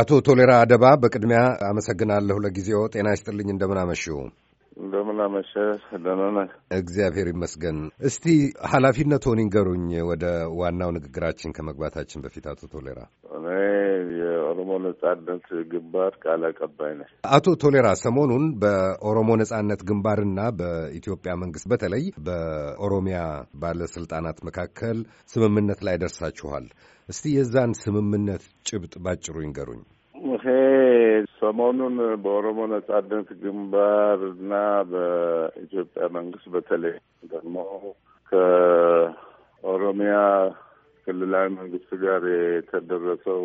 አቶ ቶሌራ አደባ በቅድሚያ አመሰግናለሁ። ለጊዜው ጤና ይስጥልኝ። እንደምን አመሽው? እንደምን አመሸህ? ደህና ነህ? እግዚአብሔር ይመስገን። እስቲ ሆን ይንገሩኝ። ወደ ዋናው ንግግራችን ከመግባታችን በፊት አቶ ቶሌራ፣ እኔ የኦሮሞ ነጻነት ግንባር ቃል አቀባይ ነኝ። አቶ ቶሌራ፣ ሰሞኑን በኦሮሞ ነጻነት ግንባርና በኢትዮጵያ መንግስት በተለይ በኦሮሚያ ባለስልጣናት መካከል ስምምነት ላይ ደርሳችኋል። እስቲ የዛን ስምምነት ጭብጥ ባጭሩ ይንገሩኝ። ይሄ ሰሞኑን በኦሮሞ ነጻነት ግንባር እና በኢትዮጵያ መንግስት በተለይ ደግሞ ከኦሮሚያ ክልላዊ መንግስት ጋር የተደረሰው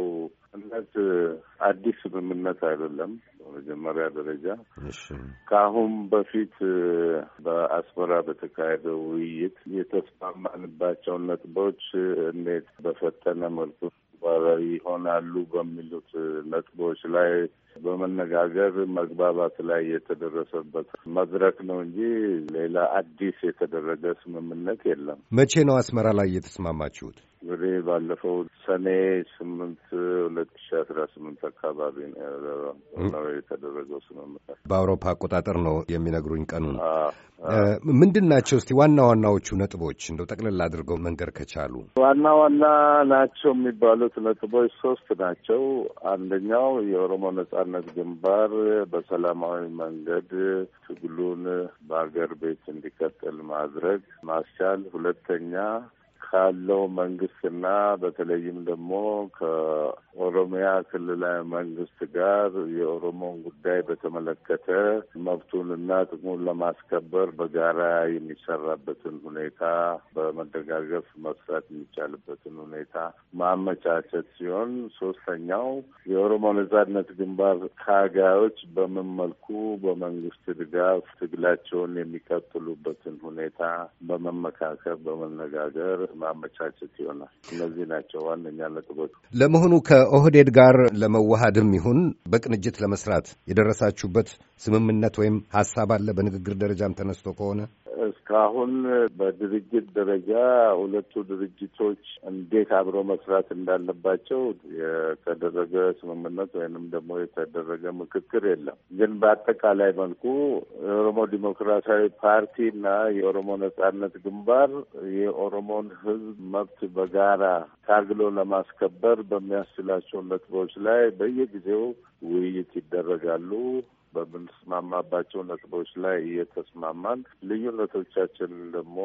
እነት አዲስ ስምምነት አይደለም። በመጀመሪያ ደረጃ ከአሁን በፊት በአስመራ በተካሄደው ውይይት የተስማማንባቸው ነጥቦች እንዴት በፈጠነ መልኩ ተባባሪ ይሆናሉ በሚሉት ነጥቦች ላይ በመነጋገር መግባባት ላይ የተደረሰበት መድረክ ነው እንጂ ሌላ አዲስ የተደረገ ስምምነት የለም። መቼ ነው አስመራ ላይ የተስማማችሁት? እንግዲህ ባለፈው ሰኔ ስምንት አስራ ስምንት አካባቢ ነው የተደረገው ስምምነት። በአውሮፓ አቆጣጠር ነው የሚነግሩኝ ቀኑን። ምንድን ናቸው እስቲ ዋና ዋናዎቹ ነጥቦች እንደው ጠቅልል አድርገው መንገር ከቻሉ? ዋና ዋና ናቸው የሚባሉት ነጥቦች ሶስት ናቸው። አንደኛው የኦሮሞ ነጻነት ግንባር በሰላማዊ መንገድ ትግሉን በሀገር ቤት እንዲቀጥል ማድረግ ማስቻል። ሁለተኛ ካለው መንግስትና በተለይም ደግሞ ከ ኦሮሚያ ክልላዊ መንግስት ጋር የኦሮሞን ጉዳይ በተመለከተ መብቱንና ጥቅሙን ለማስከበር በጋራ የሚሰራበትን ሁኔታ በመደጋገፍ መስራት የሚቻልበትን ሁኔታ ማመቻቸት ሲሆን ሶስተኛው የኦሮሞ ነጻነት ግንባር ታጋዮች በምን መልኩ በመንግስት ድጋፍ ትግላቸውን የሚቀጥሉበትን ሁኔታ በመመካከር በመነጋገር ማመቻቸት ይሆናል። እነዚህ ናቸው ዋነኛ ነጥቦች። ለመሆኑ ከ ከኦህዴድ ጋር ለመዋሃድም ይሁን በቅንጅት ለመስራት የደረሳችሁበት ስምምነት ወይም ሀሳብ አለ? በንግግር ደረጃም ተነስቶ ከሆነ እስካሁን በድርጅት ደረጃ ሁለቱ ድርጅቶች እንዴት አብሮ መስራት እንዳለባቸው የተደረገ ስምምነት ወይንም ደግሞ የተደረገ ምክክር የለም። ግን በአጠቃላይ መልኩ የኦሮሞ ዲሞክራሲያዊ ፓርቲ እና የኦሮሞ ነጻነት ግንባር የኦሮሞን ሕዝብ መብት በጋራ ታግሎ ለማስከበር በሚያስችላቸው ነጥቦች ላይ በየጊዜው ውይይት ይደረጋሉ። በምንስማማባቸው ነጥቦች ላይ እየተስማማን ልዩነቶቻችን ደግሞ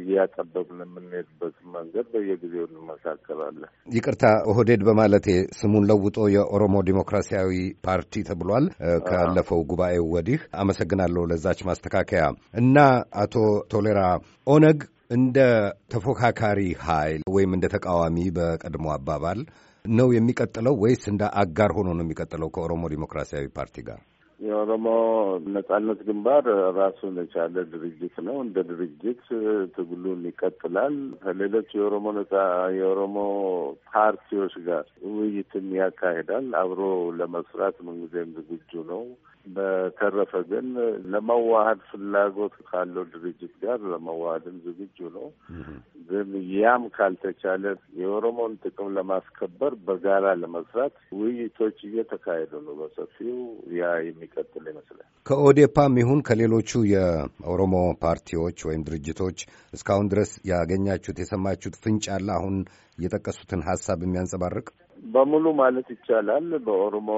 እያጠበብን የምንሄድበት መንገድ በየጊዜው እንመሳከላለን። ይቅርታ ኦህዴድ በማለቴ ስሙን ለውጦ የኦሮሞ ዲሞክራሲያዊ ፓርቲ ተብሏል ካለፈው ጉባኤው ወዲህ። አመሰግናለሁ ለዛች ማስተካከያ እና አቶ ቶሌራ ኦነግ እንደ ተፎካካሪ ኃይል ወይም እንደ ተቃዋሚ በቀድሞ አባባል ነው የሚቀጥለው ወይስ እንደ አጋር ሆኖ ነው የሚቀጥለው ከኦሮሞ ዲሞክራሲያዊ ፓርቲ ጋር? የኦሮሞ ነጻነት ግንባር ራሱን የቻለ ድርጅት ነው። እንደ ድርጅት ትግሉን ይቀጥላል። ከሌሎች የኦሮሞ ነጻ የኦሮሞ ፓርቲዎች ጋር ውይይትም ያካሂዳል። አብሮ ለመስራት ምንጊዜም ዝግጁ ነው። በተረፈ ግን ለመዋሀድ ፍላጎት ካለው ድርጅት ጋር ለመዋሀድም ዝግጁ ነው። ግን ያም ካልተቻለ የኦሮሞን ጥቅም ለማስከበር በጋራ ለመስራት ውይይቶች እየተካሄዱ ነው በሰፊው። ያ የሚቀጥል ይመስላል። ከኦዴፓም ይሁን ከሌሎቹ የኦሮሞ ፓርቲዎች ወይም ድርጅቶች እስካሁን ድረስ ያገኛችሁት የሰማችሁት ፍንጭ አለ? አሁን የጠቀሱትን ሀሳብ የሚያንጸባርቅ በሙሉ ማለት ይቻላል በኦሮሞ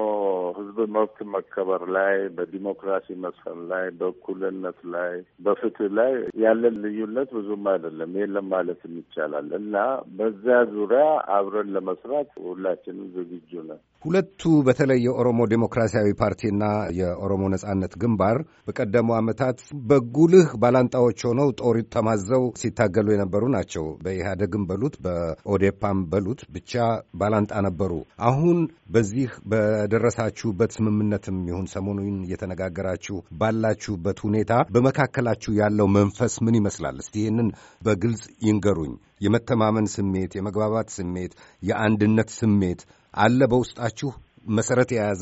ህዝብ መብት መከበር ላይ፣ በዲሞክራሲ መስፈን ላይ፣ በእኩልነት ላይ፣ በፍትህ ላይ ያለን ልዩነት ብዙም አይደለም፣ የለም ማለትም ይቻላል እና በዚያ ዙሪያ አብረን ለመስራት ሁላችንም ዝግጁ ነን። ሁለቱ በተለይ የኦሮሞ ዴሞክራሲያዊ ፓርቲና የኦሮሞ ነጻነት ግንባር በቀደሙ ዓመታት በጉልህ ባላንጣዎች ሆነው ጦር ተማዘው ሲታገሉ የነበሩ ናቸው። በኢህአደግም በሉት በኦዴፓም በሉት ብቻ ባላንጣ ነበሩ። አሁን በዚህ በደረሳችሁበት ስምምነትም ይሁን ሰሞኑን እየተነጋገራችሁ ባላችሁበት ሁኔታ በመካከላችሁ ያለው መንፈስ ምን ይመስላል? እስቲ ይህንን በግልጽ ይንገሩኝ። የመተማመን ስሜት፣ የመግባባት ስሜት፣ የአንድነት ስሜት አለ በውስጣችሁ መሰረት የያዘ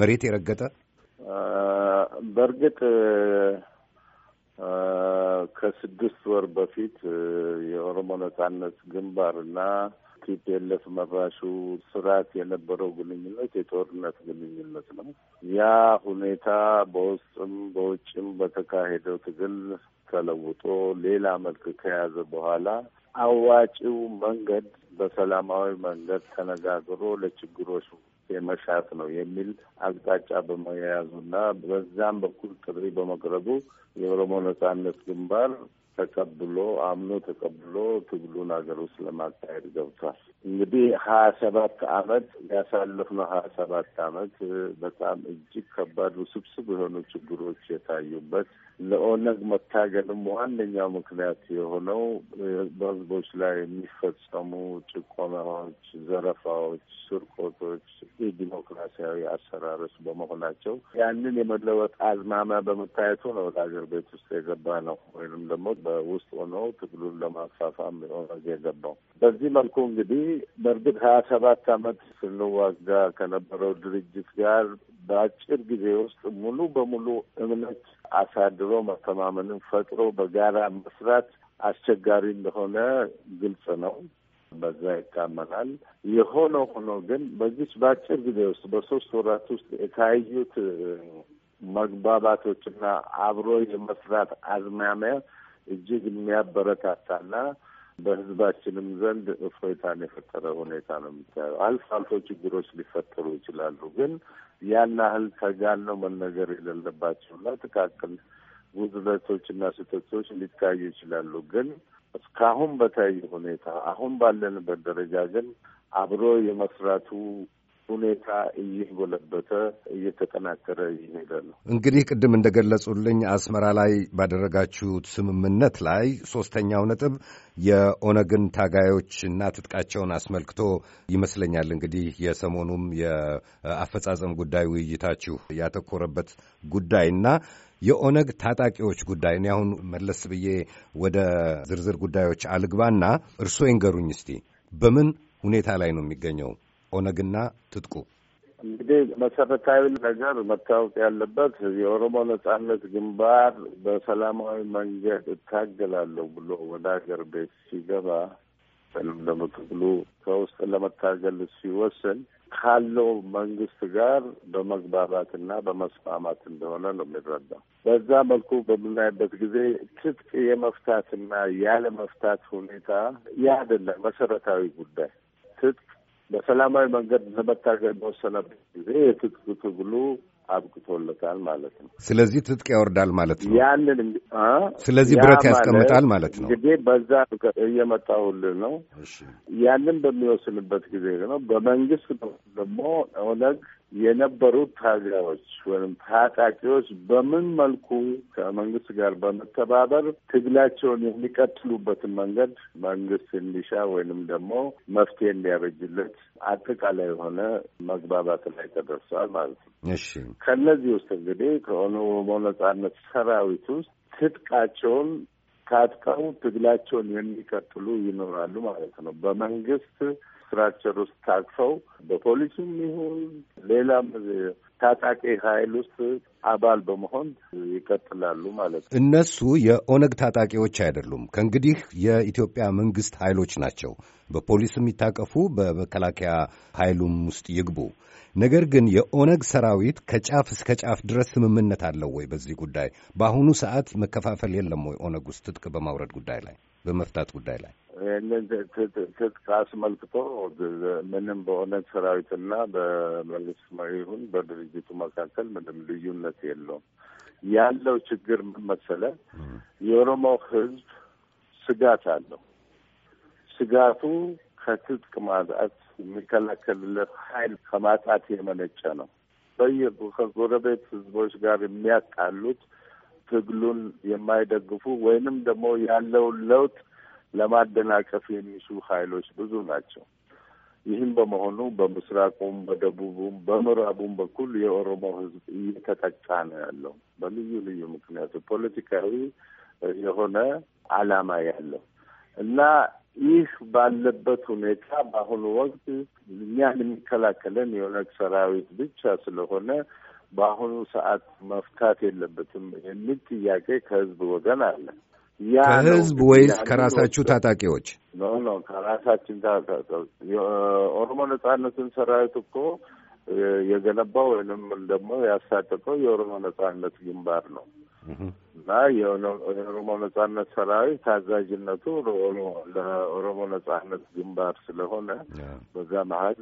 መሬት የረገጠ በእርግጥ ከስድስት ወር በፊት የኦሮሞ ነጻነት ግንባርና ቲፒኤልኤፍ መራሹ ስርዓት የነበረው ግንኙነት የጦርነት ግንኙነት ነው። ያ ሁኔታ በውስጥም በውጭም በተካሄደው ትግል ተለውጦ ሌላ መልክ ከያዘ በኋላ አዋጪው መንገድ በሰላማዊ መንገድ ተነጋግሮ ለችግሮች የመሻት ነው የሚል አቅጣጫ በመያዙና በዛም በኩል ጥሪ በመቅረቡ የኦሮሞ ነጻነት ግንባር ተቀብሎ አምኖ ተቀብሎ ትግሉን ሀገር ውስጥ ለማካሄድ ገብቷል። እንግዲህ ሀያ ሰባት አመት ያሳለፍነው ሀያ ሰባት አመት በጣም እጅግ ከባድ ውስብስብ የሆኑ ችግሮች የታዩበት ለኦነግ መታገልም ዋነኛው ምክንያት የሆነው በህዝቦች ላይ የሚፈጸሙ ጭቆናዎች፣ ዘረፋዎች፣ ስርቆቶች፣ የዲሞክራሲያዊ አሰራሮች በመሆናቸው ያንን የመለወጥ አዝማሚያ በመታየቱ ነው ወደ ሀገር ቤት ውስጥ የገባ ነው ወይም ደግሞ በውስጥ ሆኖ ትግሉን ለማፋፋም የሆነ የገባው በዚህ መልኩ እንግዲህ በእርግጥ ሀያ ሰባት አመት ስንዋጋ ከነበረው ድርጅት ጋር በአጭር ጊዜ ውስጥ ሙሉ በሙሉ እምነት አሳድሮ መተማመንን ፈጥሮ በጋራ መስራት አስቸጋሪ እንደሆነ ግልጽ ነው። በዛ ይታመናል። የሆነ ሆኖ ግን በዚች በአጭር ጊዜ ውስጥ በሶስት ወራት ውስጥ የታዩት መግባባቶችና አብሮ የመስራት አዝማሚያ እጅግ የሚያበረታታና በህዝባችንም ዘንድ እፎይታን የፈጠረ ሁኔታ ነው የሚታየው። አልፎ አልፎ ችግሮች ሊፈጠሩ ይችላሉ፣ ግን ያን ያህል ተጋነው መነገር የሌለባቸውና ጥቃቅን ጉድለቶችና ስህተቶች ሊታዩ ይችላሉ፣ ግን እስካሁን በታየ ሁኔታ አሁን ባለንበት ደረጃ ግን አብሮ የመስራቱ ሁኔታ እየጎለበተ እየተጠናከረ ይሄዳል። እንግዲህ ቅድም እንደገለጹልኝ አስመራ ላይ ባደረጋችሁት ስምምነት ላይ ሶስተኛው ነጥብ የኦነግን ታጋዮች እና ትጥቃቸውን አስመልክቶ ይመስለኛል እንግዲህ የሰሞኑም የአፈጻጸም ጉዳይ ውይይታችሁ ያተኮረበት ጉዳይና የኦነግ ታጣቂዎች ጉዳይ እኔ አሁን መለስ ብዬ ወደ ዝርዝር ጉዳዮች አልግባና እርስዎ ይንገሩኝ እስቲ በምን ሁኔታ ላይ ነው የሚገኘው ኦነግና ትጥቁ? እንግዲህ መሰረታዊ ነገር መታወቅ ያለበት የኦሮሞ ነጻነት ግንባር በሰላማዊ መንገድ እታገላለሁ ብሎ ወደ ሀገር ቤት ሲገባ ወይም ደግሞ ትግሉ ከውስጥ ለመታገል ሲወስን ካለው መንግስት ጋር በመግባባትና በመስማማት እንደሆነ ነው የሚረዳው። በዛ መልኩ በምናይበት ጊዜ ትጥቅ የመፍታትና ያለ መፍታት ሁኔታ ያ አይደለም መሰረታዊ ጉዳይ ትጥቅ በሰላማዊ መንገድ ለመታገል በወሰነበት ጊዜ የትጥቅ ትግሉ አብቅቶለታል ማለት ነው። ስለዚህ ትጥቅ ያወርዳል ማለት ነው። ያንን ስለዚህ ብረት ያስቀምጣል ማለት ነው። እንግዲህ በዛ እየመጣሁልህ ነው። ያንን በሚወስንበት ጊዜ ነው በመንግስት ደግሞ ኦነግ የነበሩት ታጋዮች ወይም ታጣቂዎች በምን መልኩ ከመንግስት ጋር በመተባበር ትግላቸውን የሚቀጥሉበትን መንገድ መንግስት እንዲሻ ወይንም ደግሞ መፍትሄ እንዲያበጅለት አጠቃላይ የሆነ መግባባት ላይ ተደርሷል ማለት ነው። እሺ ከእነዚህ ውስጥ እንግዲህ ከኦሮሞ ነጻነት ሰራዊት ውስጥ ትጥቃቸውን ታጥቀው ትግላቸውን የሚቀጥሉ ይኖራሉ ማለት ነው በመንግስት ስትራክቸር ውስጥ ታቅፈው በፖሊሱም ይሁን ሌላም ታጣቂ ኃይል ውስጥ አባል በመሆን ይቀጥላሉ ማለት ነው። እነሱ የኦነግ ታጣቂዎች አይደሉም። ከእንግዲህ የኢትዮጵያ መንግስት ኃይሎች ናቸው። በፖሊስም ይታቀፉ፣ በመከላከያ ኃይሉም ውስጥ ይግቡ። ነገር ግን የኦነግ ሰራዊት ከጫፍ እስከ ጫፍ ድረስ ስምምነት አለው ወይ? በዚህ ጉዳይ በአሁኑ ሰዓት መከፋፈል የለም ወይ? ኦነግ ውስጥ ትጥቅ በማውረድ ጉዳይ ላይ በመፍታት ጉዳይ ላይ ይህንን ትጥቅ አስመልክቶ ምንም በኦነግ ሰራዊትና በመንግስት ይሁን በድርጅቱ መካከል ምንም ልዩነት የለውም። ያለው ችግር ምን መሰለ፣ የኦሮሞ ህዝብ ስጋት አለው። ስጋቱ ከትጥቅ ማጣት የሚከላከልለት ኃይል ከማጣት የመነጨ ነው። በየ ከጎረቤት ህዝቦች ጋር የሚያጣሉት ትግሉን የማይደግፉ ወይንም ደግሞ ያለውን ለውጥ ለማደናቀፍ የሚሹ ኃይሎች ብዙ ናቸው። ይህም በመሆኑ በምስራቁም፣ በደቡቡም፣ በምዕራቡም በኩል የኦሮሞ ህዝብ እየተጠቃ ነው ያለው በልዩ ልዩ ምክንያቱ ፖለቲካዊ የሆነ አላማ ያለው እና ይህ ባለበት ሁኔታ በአሁኑ ወቅት እኛን የሚከላከለን የኦነግ ሰራዊት ብቻ ስለሆነ በአሁኑ ሰዓት መፍታት የለበትም የሚል ጥያቄ ከህዝብ ወገን አለ። ከህዝብ ወይስ ከራሳችሁ ታጣቂዎች? ኖ ከራሳችን የኦሮሞ ነጻነትን ሰራዊት እኮ የገነባው ወይንም ደግሞ ያሳደቀው የኦሮሞ ነጻነት ግንባር ነው። እና የኦሮሞ ነጻነት ሰራዊት ታዛዥነቱ ለኦሮሞ ነጻነት ግንባር ስለሆነ በዛ መሀል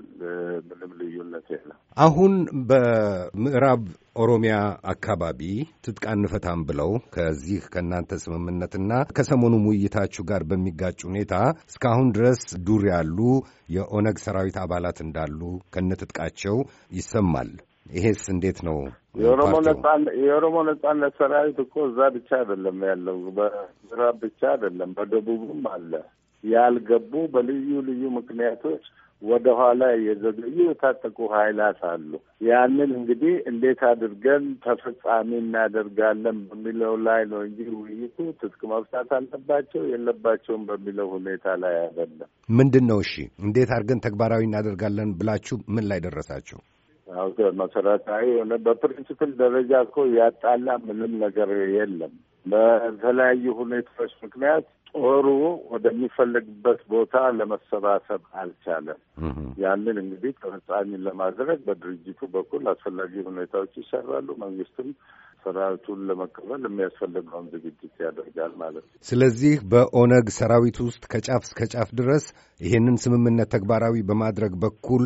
ምንም ልዩነት የለም። አሁን በምዕራብ ኦሮሚያ አካባቢ ትጥቅ አንፈታም ብለው ከዚህ ከእናንተ ስምምነትና ከሰሞኑ ውይይታችሁ ጋር በሚጋጭ ሁኔታ እስካሁን ድረስ ዱር ያሉ የኦነግ ሰራዊት አባላት እንዳሉ ከነትጥቃቸው ይሰማል። ይሄስ እንዴት ነው? የኦሮሞ ነጻነት ሰራዊት እኮ እዛ ብቻ አይደለም ያለው፣ በምዕራብ ብቻ አይደለም፣ በደቡብም አለ። ያልገቡ በልዩ ልዩ ምክንያቶች ወደ ኋላ የዘገዩ የታጠቁ ኃይላት አሉ። ያንን እንግዲህ እንዴት አድርገን ተፈጻሚ እናደርጋለን በሚለው ላይ ነው እንጂ ውይይቱ ትጥቅ መፍታት አለባቸው የለባቸውም በሚለው ሁኔታ ላይ አይደለም። ምንድን ነው እሺ፣ እንዴት አድርገን ተግባራዊ እናደርጋለን ብላችሁ ምን ላይ ደረሳችሁ? መሰረታዊ የሆነ በፕሪንስፕል ደረጃ እኮ ያጣላ ምንም ነገር የለም። በተለያዩ ሁኔታዎች ምክንያት ጦሩ ወደሚፈለግበት ቦታ ለመሰባሰብ አልቻለም። ያንን እንግዲህ ተፈጻሚን ለማድረግ በድርጅቱ በኩል አስፈላጊ ሁኔታዎች ይሰራሉ። መንግስትም ሰራዊቱን ለመቀበል የሚያስፈልገውን ዝግጅት ያደርጋል ማለት ነው። ስለዚህ በኦነግ ሰራዊት ውስጥ ከጫፍ እስከ ጫፍ ድረስ ይሄንን ስምምነት ተግባራዊ በማድረግ በኩል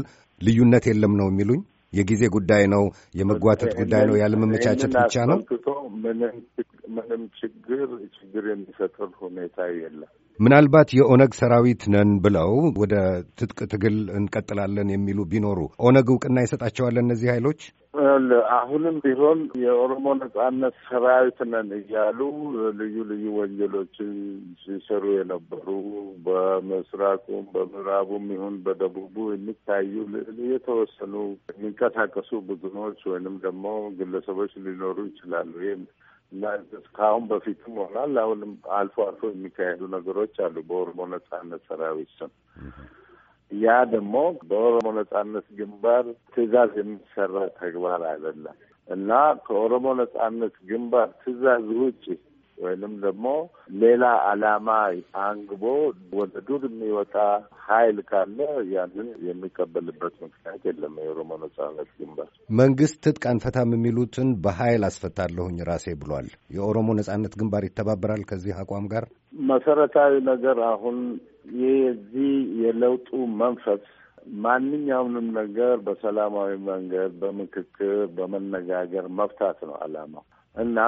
ልዩነት የለም ነው የሚሉኝ? የጊዜ ጉዳይ ነው፣ የመጓተት ጉዳይ ነው፣ ያለመመቻቸት ብቻ ነው። ምንም ችግር ችግር የሚፈጥር ሁኔታ የለም። ምናልባት የኦነግ ሰራዊት ነን ብለው ወደ ትጥቅ ትግል እንቀጥላለን የሚሉ ቢኖሩ ኦነግ እውቅና ይሰጣቸዋል? እነዚህ ኃይሎች አሁንም ቢሆን የኦሮሞ ነጻነት ሰራዊት ነን እያሉ ልዩ ልዩ ወንጀሎችን ሲሰሩ የነበሩ በምስራቁም በምዕራቡም ይሁን በደቡቡ የሚታዩ የተወሰኑ የሚንቀሳቀሱ ቡድኖች ወይንም ደግሞ ግለሰቦች ሊኖሩ ይችላሉ። እስካሁን በፊትም ሆናል አሁንም አልፎ አልፎ የሚካሄዱ ነገሮች አሉ በኦሮሞ ነጻነት ሰራዊት ስም። ያ ደግሞ በኦሮሞ ነጻነት ግንባር ትዕዛዝ የሚሰራ ተግባር አይደለም እና ከኦሮሞ ነጻነት ግንባር ትዕዛዝ ውጭ ወይንም ደግሞ ሌላ ዓላማ አንግቦ ወደ ዱር የሚወጣ ኃይል ካለ ያንን የሚቀበልበት ምክንያት የለም። የኦሮሞ ነጻነት ግንባር መንግስት ትጥቅ አንፈታም የሚሉትን በኃይል አስፈታለሁኝ ራሴ ብሏል። የኦሮሞ ነጻነት ግንባር ይተባበራል ከዚህ አቋም ጋር መሰረታዊ ነገር አሁን የዚህ የለውጡ መንፈስ ማንኛውንም ነገር በሰላማዊ መንገድ በምክክር በመነጋገር መፍታት ነው ዓላማው እና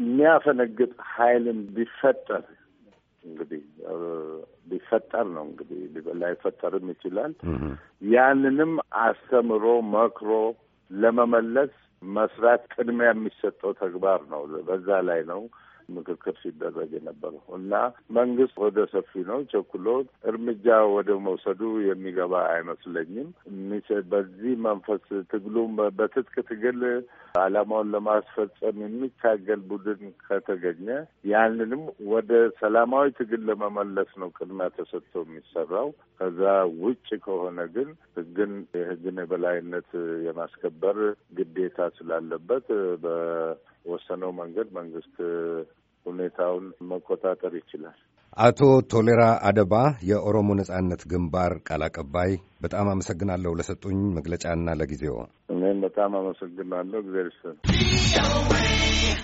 የሚያፈነግጥ ኃይልን ቢፈጠር እንግዲህ ቢፈጠር ነው እንግዲህ ላይፈጠርም ይችላል። ያንንም አስተምሮ መክሮ ለመመለስ መስራት ቅድሚያ የሚሰጠው ተግባር ነው። በዛ ላይ ነው ምክክር ሲደረግ የነበረው እና መንግስት ወደ ሰፊ ነው ቸኩሎ እርምጃ ወደ መውሰዱ የሚገባ አይመስለኝም። በዚህ መንፈስ ትግሉም በትጥቅ ትግል ዓላማውን ለማስፈጸም የሚታገል ቡድን ከተገኘ ያንንም ወደ ሰላማዊ ትግል ለመመለስ ነው ቅድሚያ ተሰጥቶ የሚሰራው። ከዛ ውጭ ከሆነ ግን ህግን የህግን የበላይነት የማስከበር ግዴታ ስላለበት በወሰነው መንገድ መንግስት ሁኔታውን መቆጣጠር ይችላል። አቶ ቶሌራ አደባ የኦሮሞ ነጻነት ግንባር ቃል አቀባይ፣ በጣም አመሰግናለሁ ለሰጡኝ መግለጫና ለጊዜው። እኔም በጣም አመሰግናለሁ። እግዚአብሔር ይስጥልኝ።